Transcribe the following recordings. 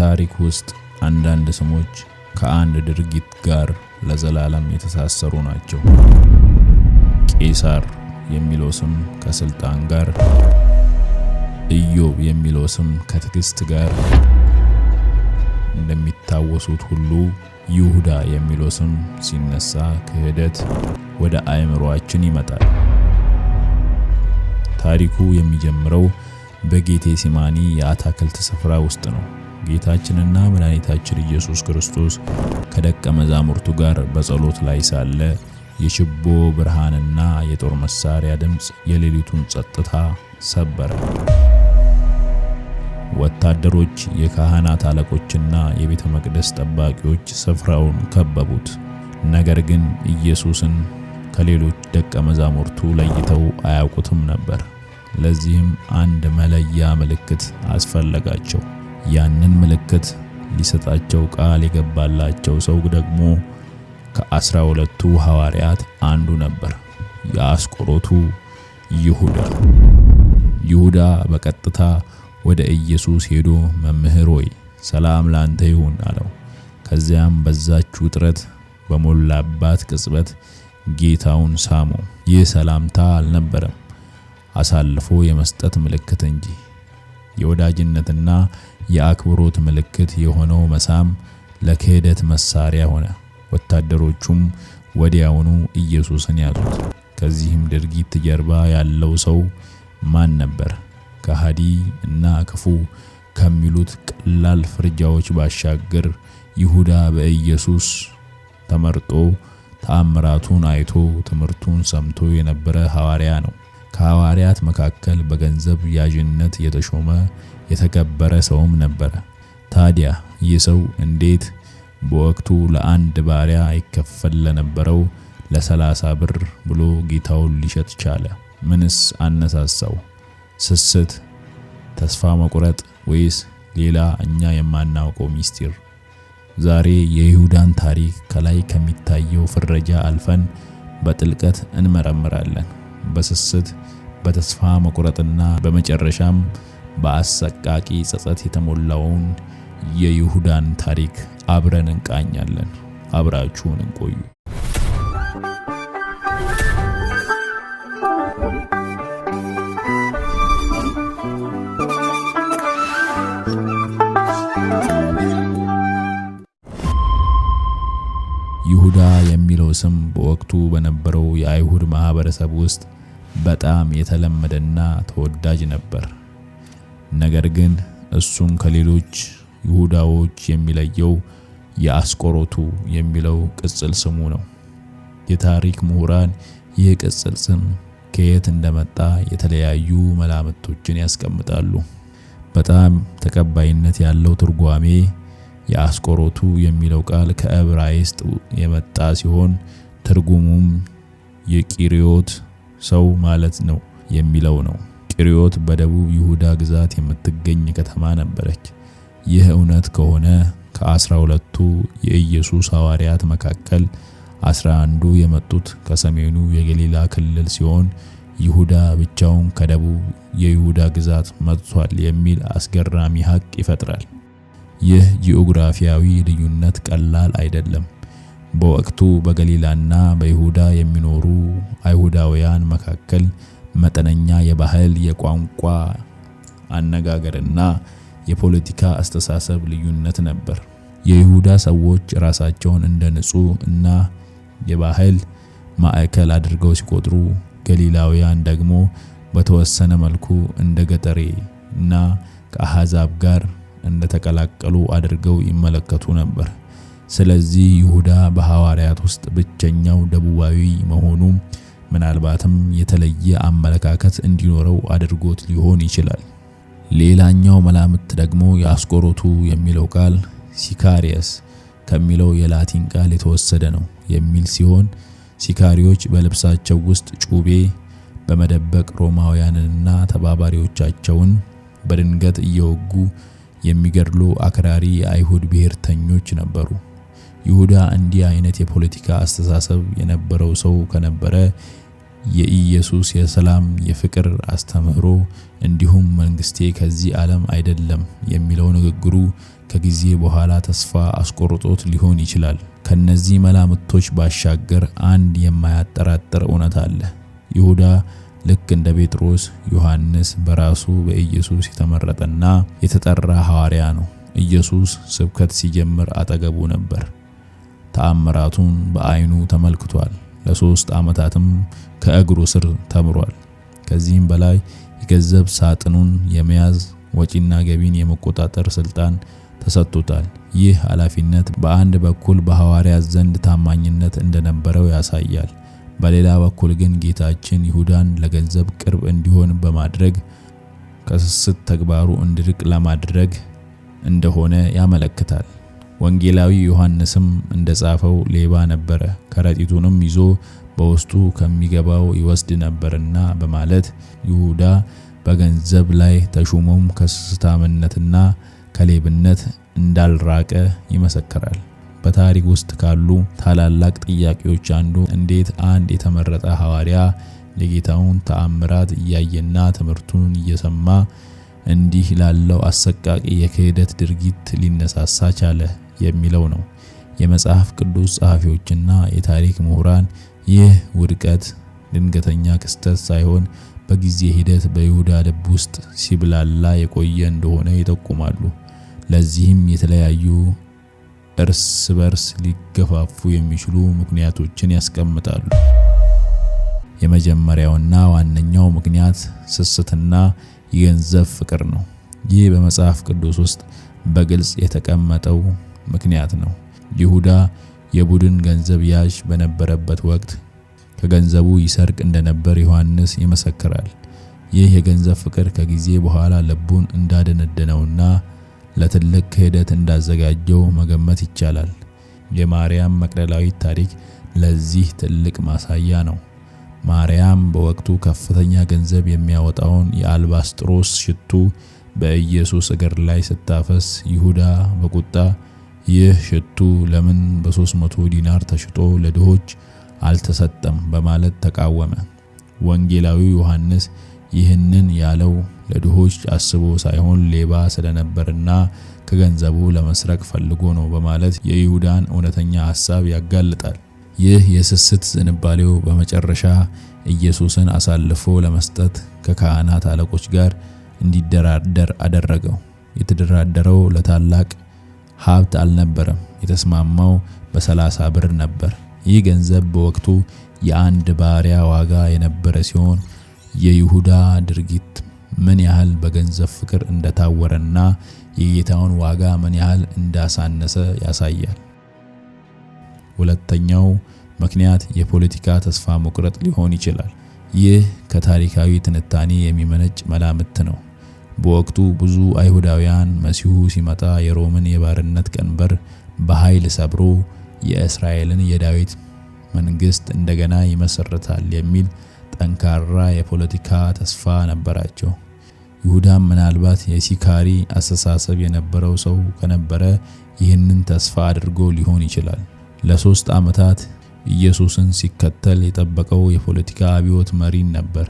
በታሪክ ውስጥ አንዳንድ ስሞች ከአንድ ድርጊት ጋር ለዘላለም የተሳሰሩ ናቸው። ቄሳር የሚለው ስም ከስልጣን ጋር፣ ኢዮብ የሚለው ስም ከትዕግስት ጋር እንደሚታወሱት ሁሉ ይሁዳ የሚለው ስም ሲነሳ ክህደት ወደ አእምሮአችን ይመጣል። ታሪኩ የሚጀምረው በጌቴ ሲማኒ የአታክልት ስፍራ ውስጥ ነው። ጌታችንና መድኃኒታችን ኢየሱስ ክርስቶስ ከደቀ መዛሙርቱ ጋር በጸሎት ላይ ሳለ የችቦ ብርሃንና የጦር መሳሪያ ድምፅ የሌሊቱን ጸጥታ ሰበረ። ወታደሮች፣ የካህናት አለቆችና የቤተ መቅደስ ጠባቂዎች ስፍራውን ከበቡት። ነገር ግን ኢየሱስን ከሌሎች ደቀ መዛሙርቱ ለይተው አያውቁትም ነበር። ለዚህም አንድ መለያ ምልክት አስፈለጋቸው። ያንን ምልክት ሊሰጣቸው ቃል የገባላቸው ሰው ደግሞ ከአስራ ሁለቱ ሐዋርያት አንዱ ነበር፣ የአስቆሮቱ ይሁዳ ነው። ይሁዳ በቀጥታ ወደ ኢየሱስ ሄዶ መምህር ሆይ ሰላም ላንተ ይሁን አለው። ከዚያም በዛች ውጥረት በሞላባት ቅጽበት ጌታውን ሳሙ። ይህ ሰላምታ አልነበረም፣ አሳልፎ የመስጠት ምልክት እንጂ የወዳጅነትና የአክብሮት ምልክት የሆነው መሳም ለክህደት መሳሪያ ሆነ። ወታደሮቹም ወዲያውኑ ኢየሱስን ያዙት። ከዚህም ድርጊት ጀርባ ያለው ሰው ማን ነበር? ከሃዲ እና ክፉ ከሚሉት ቀላል ፍርጃዎች ባሻገር ይሁዳ በኢየሱስ ተመርጦ ተአምራቱን አይቶ ትምህርቱን ሰምቶ የነበረ ሐዋርያ ነው። ከሐዋርያት መካከል በገንዘብ ያዥነት የተሾመ የተከበረ ሰውም ነበረ። ታዲያ ይህ ሰው እንዴት በወቅቱ ለአንድ ባሪያ ይከፈል ለነበረው ለሰላሳ ብር ብሎ ጌታውን ሊሸጥ ቻለ? ምንስ አነሳሳው? ስስት፣ ተስፋ መቁረጥ ወይስ ሌላ እኛ የማናውቀው ሚስጢር? ዛሬ የይሁዳን ታሪክ ከላይ ከሚታየው ፍረጃ አልፈን በጥልቀት እንመረምራለን። በስስት በተስፋ መቁረጥና በመጨረሻም በአሰቃቂ ጸጸት የተሞላውን የይሁዳን ታሪክ አብረን እንቃኛለን። አብራችሁን እንቆዩ። ይሁዳ የሚለው ስም በወቅቱ በነበረው የአይሁድ ማህበረሰብ ውስጥ በጣም የተለመደና ተወዳጅ ነበር። ነገር ግን እሱን ከሌሎች ይሁዳዎች የሚለየው የአስቆሮቱ የሚለው ቅጽል ስሙ ነው። የታሪክ ምሁራን ይህ ቅጽል ስም ከየት እንደመጣ የተለያዩ መላምቶችን ያስቀምጣሉ። በጣም ተቀባይነት ያለው ትርጓሜ የአስቆሮቱ የሚለው ቃል ከዕብራይስጥ የመጣ ሲሆን ትርጉሙም የቂሪዮት ሰው ማለት ነው የሚለው ነው። ቂርዮት በደቡብ ይሁዳ ግዛት የምትገኝ ከተማ ነበረች። ይህ እውነት ከሆነ ከአስራ ሁለቱ የኢየሱስ ሐዋርያት መካከል አስራ አንዱ የመጡት ከሰሜኑ የገሊላ ክልል ሲሆን ይሁዳ ብቻውን ከደቡብ የይሁዳ ግዛት መጥቷል የሚል አስገራሚ ሐቅ ይፈጥራል። ይህ ጂኦግራፊያዊ ልዩነት ቀላል አይደለም። በወቅቱ በገሊላና በይሁዳ የሚኖሩ አይሁዳውያን መካከል መጠነኛ የባህል የቋንቋ አነጋገርና የፖለቲካ አስተሳሰብ ልዩነት ነበር። የይሁዳ ሰዎች ራሳቸውን እንደ ንጹህ እና የባህል ማዕከል አድርገው ሲቆጥሩ፣ ገሊላውያን ደግሞ በተወሰነ መልኩ እንደ ገጠሬ እና ከአሕዛብ ጋር እንደተቀላቀሉ አድርገው ይመለከቱ ነበር። ስለዚህ ይሁዳ በሐዋርያት ውስጥ ብቸኛው ደቡባዊ መሆኑም ምናልባትም የተለየ አመለካከት እንዲኖረው አድርጎት ሊሆን ይችላል። ሌላኛው መላምት ደግሞ የአስቆሮቱ የሚለው ቃል ሲካሪየስ ከሚለው የላቲን ቃል የተወሰደ ነው የሚል ሲሆን ሲካሪዎች በልብሳቸው ውስጥ ጩቤ በመደበቅ ሮማውያንንና ተባባሪዎቻቸውን በድንገት እየወጉ የሚገድሉ አክራሪ የአይሁድ ብሔርተኞች ነበሩ። ይሁዳ እንዲህ አይነት የፖለቲካ አስተሳሰብ የነበረው ሰው ከነበረ የኢየሱስ የሰላም የፍቅር አስተምህሮ እንዲሁም መንግስቴ ከዚህ ዓለም አይደለም የሚለው ንግግሩ ከጊዜ በኋላ ተስፋ አስቆርጦት ሊሆን ይችላል። ከነዚህ መላምቶች ባሻገር አንድ የማያጠራጥር እውነት አለ። ይሁዳ ልክ እንደ ጴጥሮስ፣ ዮሐንስ በራሱ በኢየሱስ የተመረጠና የተጠራ ሐዋርያ ነው። ኢየሱስ ስብከት ሲጀምር አጠገቡ ነበር። ተአምራቱን በአይኑ ተመልክቷል። ለሶስት ዓመታትም ከእግሩ ስር ተምሯል። ከዚህም በላይ የገንዘብ ሳጥኑን የመያዝ ወጪና ገቢን የመቆጣጠር ስልጣን ተሰጥቶታል። ይህ ኃላፊነት በአንድ በኩል በሐዋርያት ዘንድ ታማኝነት እንደነበረው ያሳያል። በሌላ በኩል ግን ጌታችን ይሁዳን ለገንዘብ ቅርብ እንዲሆን በማድረግ ከስስት ተግባሩ እንዲርቅ ለማድረግ እንደሆነ ያመለክታል። ወንጌላዊ ዮሐንስም እንደጻፈው ሌባ ነበረ፣ ከረጢቱንም ይዞ በውስጡ ከሚገባው ይወስድ ነበርና በማለት ይሁዳ በገንዘብ ላይ ተሹሞም ከስስታምነትና ከሌብነት እንዳልራቀ ይመሰክራል። በታሪክ ውስጥ ካሉ ታላላቅ ጥያቄዎች አንዱ እንዴት አንድ የተመረጠ ሐዋርያ የጌታውን ተአምራት እያየና ትምህርቱን እየሰማ እንዲህ ላለው አሰቃቂ የክህደት ድርጊት ሊነሳሳ ቻለ? የሚለው ነው። የመጽሐፍ ቅዱስ ጸሐፊዎችና የታሪክ ምሁራን ይህ ውድቀት ድንገተኛ ክስተት ሳይሆን በጊዜ ሂደት በይሁዳ ልብ ውስጥ ሲብላላ የቆየ እንደሆነ ይጠቁማሉ። ለዚህም የተለያዩ እርስ በርስ ሊገፋፉ የሚችሉ ምክንያቶችን ያስቀምጣሉ። የመጀመሪያውና ዋነኛው ምክንያት ስስትና የገንዘብ ፍቅር ነው። ይህ በመጽሐፍ ቅዱስ ውስጥ በግልጽ የተቀመጠው ምክንያት ነው። ይሁዳ የቡድን ገንዘብ ያዥ በነበረበት ወቅት ከገንዘቡ ይሰርቅ እንደነበር ዮሐንስ ይመሰክራል። ይህ የገንዘብ ፍቅር ከጊዜ በኋላ ልቡን እንዳደነደነውና ለትልቅ ክህደት እንዳዘጋጀው መገመት ይቻላል። የማርያም መቅደላዊት ታሪክ ለዚህ ትልቅ ማሳያ ነው። ማርያም በወቅቱ ከፍተኛ ገንዘብ የሚያወጣውን የአልባስጥሮስ ሽቱ በኢየሱስ እግር ላይ ስታፈስ ይሁዳ በቁጣ ይህ ሽቱ ለምን በ300 ዲናር ተሽጦ ለድሆች አልተሰጠም በማለት ተቃወመ። ወንጌላዊው ዮሐንስ ይህንን ያለው ለድሆች አስቦ ሳይሆን ሌባ ስለነበርና ከገንዘቡ ለመስረቅ ፈልጎ ነው በማለት የይሁዳን እውነተኛ ሐሳብ ያጋልጣል። ይህ የስስት ዝንባሌው በመጨረሻ ኢየሱስን አሳልፎ ለመስጠት ከካህናት አለቆች ጋር እንዲደራደር አደረገው። የተደራደረው ለታላቅ ሀብት አልነበረም። የተስማማው በሰላሳ ብር ነበር። ይህ ገንዘብ በወቅቱ የአንድ ባሪያ ዋጋ የነበረ ሲሆን የይሁዳ ድርጊት ምን ያህል በገንዘብ ፍቅር እንደታወረና የጌታውን ዋጋ ምን ያህል እንዳሳነሰ ያሳያል። ሁለተኛው ምክንያት የፖለቲካ ተስፋ መቁረጥ ሊሆን ይችላል። ይህ ከታሪካዊ ትንታኔ የሚመነጭ መላምት ነው። በወቅቱ ብዙ አይሁዳውያን መሲሁ ሲመጣ የሮምን የባርነት ቀንበር በኃይል ሰብሮ የእስራኤልን የዳዊት መንግስት እንደገና ይመሰርታል የሚል ጠንካራ የፖለቲካ ተስፋ ነበራቸው። ይሁዳም ምናልባት የሲካሪ አስተሳሰብ የነበረው ሰው ከነበረ ይህንን ተስፋ አድርጎ ሊሆን ይችላል። ለሶስት ዓመታት ኢየሱስን ሲከተል የጠበቀው የፖለቲካ አብዮት መሪን ነበር።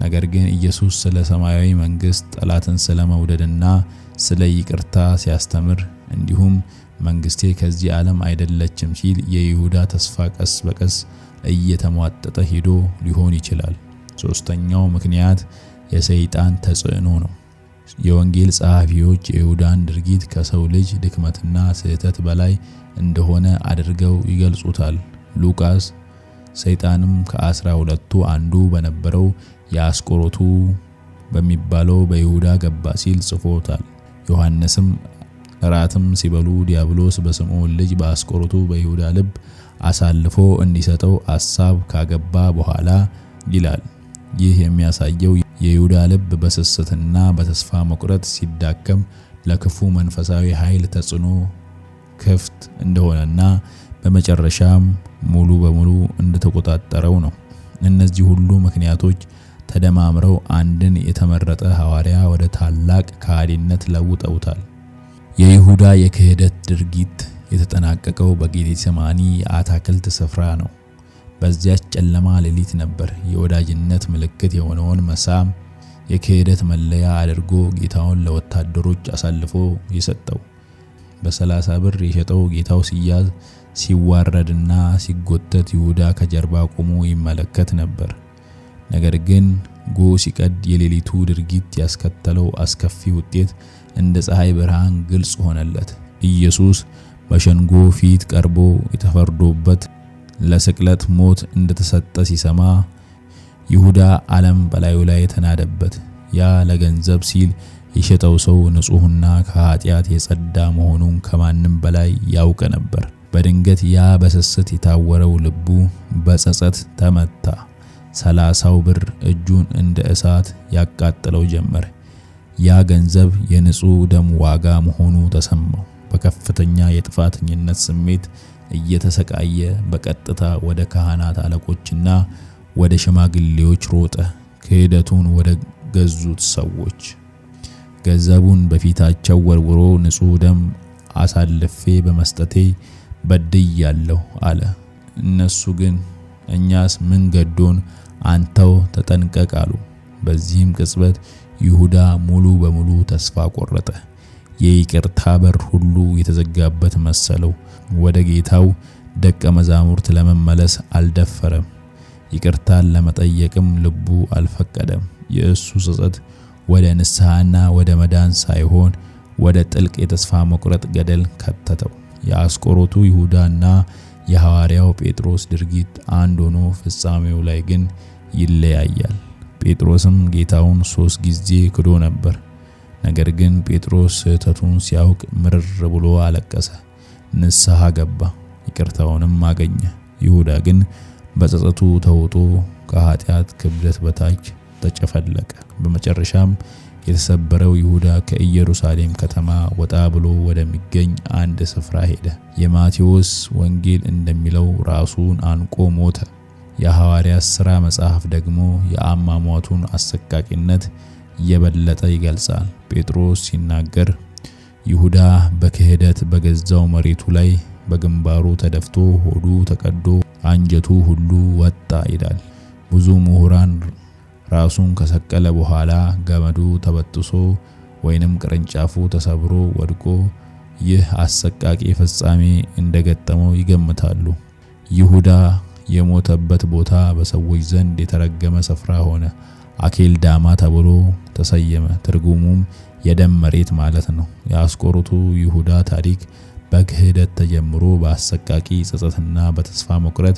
ነገር ግን ኢየሱስ ስለ ሰማያዊ መንግስት፣ ጠላትን ስለ መውደድና ስለ ይቅርታ ሲያስተምር እንዲሁም መንግስቴ ከዚህ ዓለም አይደለችም ሲል የይሁዳ ተስፋ ቀስ በቀስ እየተሟጠጠ ሄዶ ሊሆን ይችላል። ሶስተኛው ምክንያት የሰይጣን ተጽዕኖ ነው። የወንጌል ጸሐፊዎች የይሁዳን ድርጊት ከሰው ልጅ ድክመትና ስህተት በላይ እንደሆነ አድርገው ይገልጹታል። ሉቃስ ሰይጣንም ከአስራ ሁለቱ አንዱ በነበረው የአስቆሮቱ በሚባለው በይሁዳ ገባ ሲል ጽፎታል። ዮሐንስም እራትም ሲበሉ ዲያብሎስ በስምዖን ልጅ በአስቆሮቱ በይሁዳ ልብ አሳልፎ እንዲሰጠው አሳብ ካገባ በኋላ ይላል። ይህ የሚያሳየው የይሁዳ ልብ በስስትና በተስፋ መቁረጥ ሲዳከም ለክፉ መንፈሳዊ ኃይል ተጽዕኖ ክፍት እንደሆነና በመጨረሻም ሙሉ በሙሉ እንደተቆጣጠረው ነው። እነዚህ ሁሉ ምክንያቶች ተደማምረው አንድን የተመረጠ ሐዋርያ ወደ ታላቅ ከሃዲነት ለውጠውታል። የይሁዳ የክህደት ድርጊት የተጠናቀቀው በጌቴሴማኒ የአታክልት ስፍራ ነው። በዚያች ጨለማ ሌሊት ነበር የወዳጅነት ምልክት የሆነውን መሳም የክህደት መለያ አድርጎ ጌታውን ለወታደሮች አሳልፎ የሰጠው። በሰላሳ ብር የሸጠው ጌታው ሲያዝ ሲዋረድና ሲጎተት ይሁዳ ከጀርባ ቆሞ ይመለከት ነበር። ነገር ግን ጎ ሲቀድ የሌሊቱ ድርጊት ያስከተለው አስከፊ ውጤት እንደ ፀሐይ ብርሃን ግልጽ ሆነለት። ኢየሱስ በሸንጎ ፊት ቀርቦ የተፈርዶበት ለስቅለት ሞት እንደተሰጠ ሲሰማ ይሁዳ ዓለም በላዩ ላይ ተናደበት። ያ ለገንዘብ ሲል የሸጠው ሰው ንጹሕና ከኃጢአት የጸዳ መሆኑን ከማንም በላይ ያውቅ ነበር። በድንገት ያ በስስት የታወረው ልቡ በጸጸት ተመታ። ሰላሳው ብር እጁን እንደ እሳት ያቃጥለው ጀመር። ያ ገንዘብ የንጹህ ደም ዋጋ መሆኑ ተሰማው። በከፍተኛ የጥፋተኝነት ስሜት እየተሰቃየ በቀጥታ ወደ ካህናት አለቆችና ወደ ሽማግሌዎች ሮጠ። ክህደቱን ወደ ገዙት ሰዎች ገንዘቡን በፊታቸው ወርውሮ ንጹሕ ደም አሳልፌ በመስጠቴ በድያለሁ አለ። እነሱ ግን እኛስ ምን ገዶን አንተው ተጠንቀቅ አሉ። በዚህም ቅጽበት ይሁዳ ሙሉ በሙሉ ተስፋ ቆረጠ። የይቅርታ በር ሁሉ የተዘጋበት መሰለው። ወደ ጌታው ደቀ መዛሙርት ለመመለስ አልደፈረም። ይቅርታን ለመጠየቅም ልቡ አልፈቀደም። የእሱ ጸጸት ወደ ንስሐና ወደ መዳን ሳይሆን ወደ ጥልቅ የተስፋ መቁረጥ ገደል ከተተው። የአስቆሮቱ ይሁዳና የሐዋርያው ጴጥሮስ ድርጊት አንድ ሆኖ ፍጻሜው ላይ ግን ይለያያል። ጴጥሮስም ጌታውን ሶስት ጊዜ ክዶ ነበር። ነገር ግን ጴጥሮስ ስህተቱን ሲያውቅ ምርር ብሎ አለቀሰ፣ ንስሐ ገባ፣ ይቅርታውንም አገኘ። ይሁዳ ግን በጸጸቱ ተውጦ ከኃጢአት ክብደት በታች ተጨፈለቀ። በመጨረሻም የተሰበረው ይሁዳ ከኢየሩሳሌም ከተማ ወጣ ብሎ ወደሚገኝ አንድ ስፍራ ሄደ። የማቴዎስ ወንጌል እንደሚለው ራሱን አንቆ ሞተ። የሐዋርያ ሥራ መጽሐፍ ደግሞ የአሟሟቱን አሰቃቂነት የበለጠ ይገልጻል። ጴጥሮስ ሲናገር ይሁዳ በክህደት በገዛው መሬቱ ላይ በግንባሩ ተደፍቶ ሆዱ ተቀዶ አንጀቱ ሁሉ ወጣ ይላል። ብዙ ምሁራን ራሱን ከሰቀለ በኋላ ገመዱ ተበጥሶ ወይንም ቅርንጫፉ ተሰብሮ ወድቆ ይህ አሰቃቂ ፍጻሜ እንደገጠመው ይገምታሉ። ይሁዳ የሞተበት ቦታ በሰዎች ዘንድ የተረገመ ስፍራ ሆነ። አኬልዳማ ተብሎ ተሰየመ። ትርጉሙም የደም መሬት ማለት ነው። የአስቆሮቱ ይሁዳ ታሪክ በክህደት ተጀምሮ በአሰቃቂ ጸጸትና በተስፋ መቁረጥ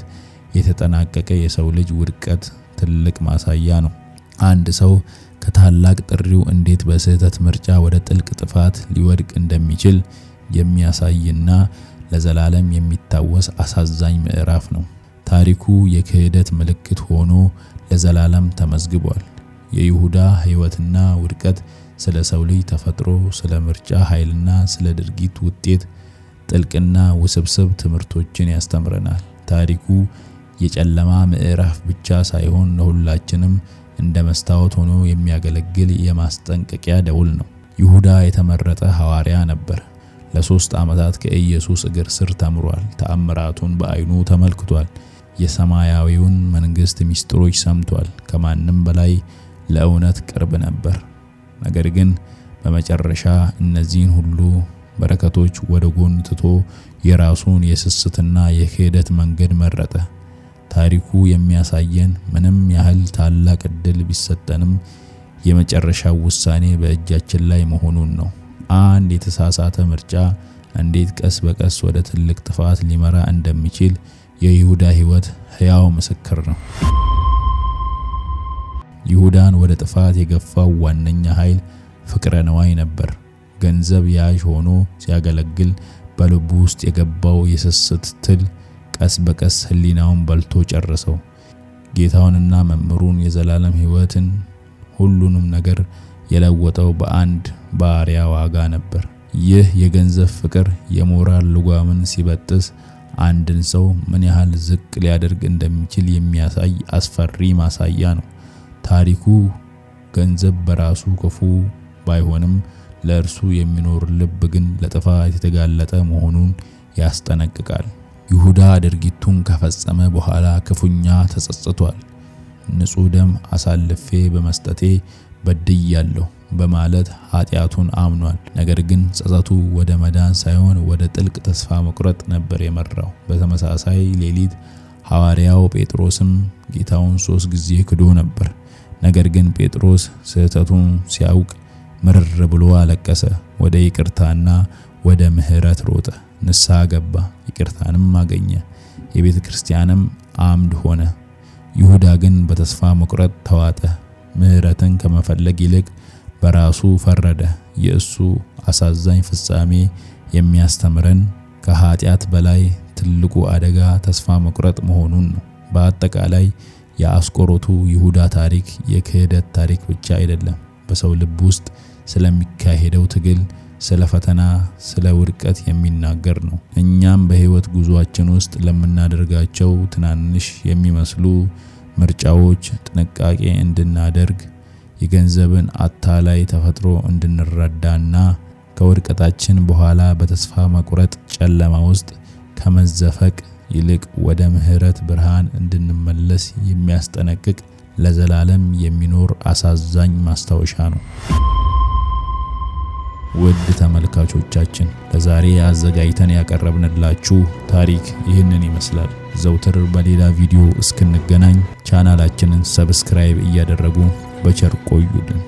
የተጠናቀቀ የሰው ልጅ ውድቀት ትልቅ ማሳያ ነው። አንድ ሰው ከታላቅ ጥሪው እንዴት በስህተት ምርጫ ወደ ጥልቅ ጥፋት ሊወድቅ እንደሚችል የሚያሳይና ለዘላለም የሚታወስ አሳዛኝ ምዕራፍ ነው። ታሪኩ የክህደት ምልክት ሆኖ ለዘላለም ተመዝግቧል። የይሁዳ ሕይወትና ውድቀት ስለ ሰው ልጅ ተፈጥሮ፣ ስለ ምርጫ ኃይልና ስለ ድርጊት ውጤት ጥልቅና ውስብስብ ትምህርቶችን ያስተምረናል። ታሪኩ የጨለማ ምዕራፍ ብቻ ሳይሆን ለሁላችንም እንደ መስታወት ሆኖ የሚያገለግል የማስጠንቀቂያ ደውል ነው። ይሁዳ የተመረጠ ሐዋርያ ነበር። ለሶስት ዓመታት ከኢየሱስ እግር ስር ተምሯል። ተአምራቱን በዓይኑ ተመልክቷል። የሰማያዊውን መንግሥት ምስጢሮች ሰምቷል። ከማንም በላይ ለእውነት ቅርብ ነበር። ነገር ግን በመጨረሻ እነዚህን ሁሉ በረከቶች ወደ ጎን ትቶ የራሱን የስስትና የክህደት መንገድ መረጠ። ታሪኩ የሚያሳየን ምንም ያህል ታላቅ እድል ቢሰጠንም የመጨረሻው ውሳኔ በእጃችን ላይ መሆኑን ነው። አንድ የተሳሳተ ምርጫ እንዴት ቀስ በቀስ ወደ ትልቅ ጥፋት ሊመራ እንደሚችል የይሁዳ ሕይወት ሕያው ምስክር ነው። ይሁዳን ወደ ጥፋት የገፋው ዋነኛ ኃይል ፍቅረ ነዋይ ነበር። ገንዘብ ያዥ ሆኖ ሲያገለግል በልቡ ውስጥ የገባው የስስት ትል ቀስ በቀስ ሕሊናውን በልቶ ጨረሰው። ጌታውንና መምህሩን የዘላለም ሕይወትን ሁሉንም ነገር የለወጠው በአንድ ባሪያ ዋጋ ነበር። ይህ የገንዘብ ፍቅር የሞራል ልጓምን ሲበጥስ አንድን ሰው ምን ያህል ዝቅ ሊያደርግ እንደሚችል የሚያሳይ አስፈሪ ማሳያ ነው። ታሪኩ ገንዘብ በራሱ ክፉ ባይሆንም ለእርሱ የሚኖር ልብ ግን ለጥፋት የተጋለጠ መሆኑን ያስጠነቅቃል። ይሁዳ ድርጊቱን ከፈጸመ በኋላ ክፉኛ ተጸጽቷል። ንጹሕ ደም አሳልፌ በመስጠቴ በድያለሁ በማለት ኃጢአቱን አምኗል። ነገር ግን ጸጸቱ ወደ መዳን ሳይሆን ወደ ጥልቅ ተስፋ መቁረጥ ነበር የመራው። በተመሳሳይ ሌሊት ሐዋርያው ጴጥሮስም ጌታውን ሶስት ጊዜ ክዶ ነበር። ነገር ግን ጴጥሮስ ስህተቱን ሲያውቅ ምርር ብሎ አለቀሰ፣ ወደ ይቅርታና ወደ ምሕረት ሮጠ። ንስሐ ገባ፣ ይቅርታንም አገኘ፣ የቤተ ክርስቲያንም አምድ ሆነ። ይሁዳ ግን በተስፋ መቁረጥ ተዋጠ። ምሕረትን ከመፈለግ ይልቅ በራሱ ፈረደ። የእሱ አሳዛኝ ፍጻሜ የሚያስተምረን ከኃጢአት በላይ ትልቁ አደጋ ተስፋ መቁረጥ መሆኑን ነው። በአጠቃላይ የአስቆሮቱ ይሁዳ ታሪክ የክህደት ታሪክ ብቻ አይደለም፤ በሰው ልብ ውስጥ ስለሚካሄደው ትግል ስለ ፈተና፣ ስለ ውድቀት የሚናገር ነው። እኛም በህይወት ጉዟችን ውስጥ ለምናደርጋቸው ትናንሽ የሚመስሉ ምርጫዎች ጥንቃቄ እንድናደርግ የገንዘብን አታላይ ተፈጥሮ እንድንረዳና ከውድቀታችን በኋላ በተስፋ መቁረጥ ጨለማ ውስጥ ከመዘፈቅ ይልቅ ወደ ምህረት ብርሃን እንድንመለስ የሚያስጠነቅቅ ለዘላለም የሚኖር አሳዛኝ ማስታወሻ ነው። ውድ ተመልካቾቻችን ለዛሬ አዘጋጅተን ያቀረብንላችሁ ታሪክ ይህንን ይመስላል። ዘውትር በሌላ ቪዲዮ እስክንገናኝ ቻናላችንን ሰብስክራይብ እያደረጉ በቸር ቆዩልን።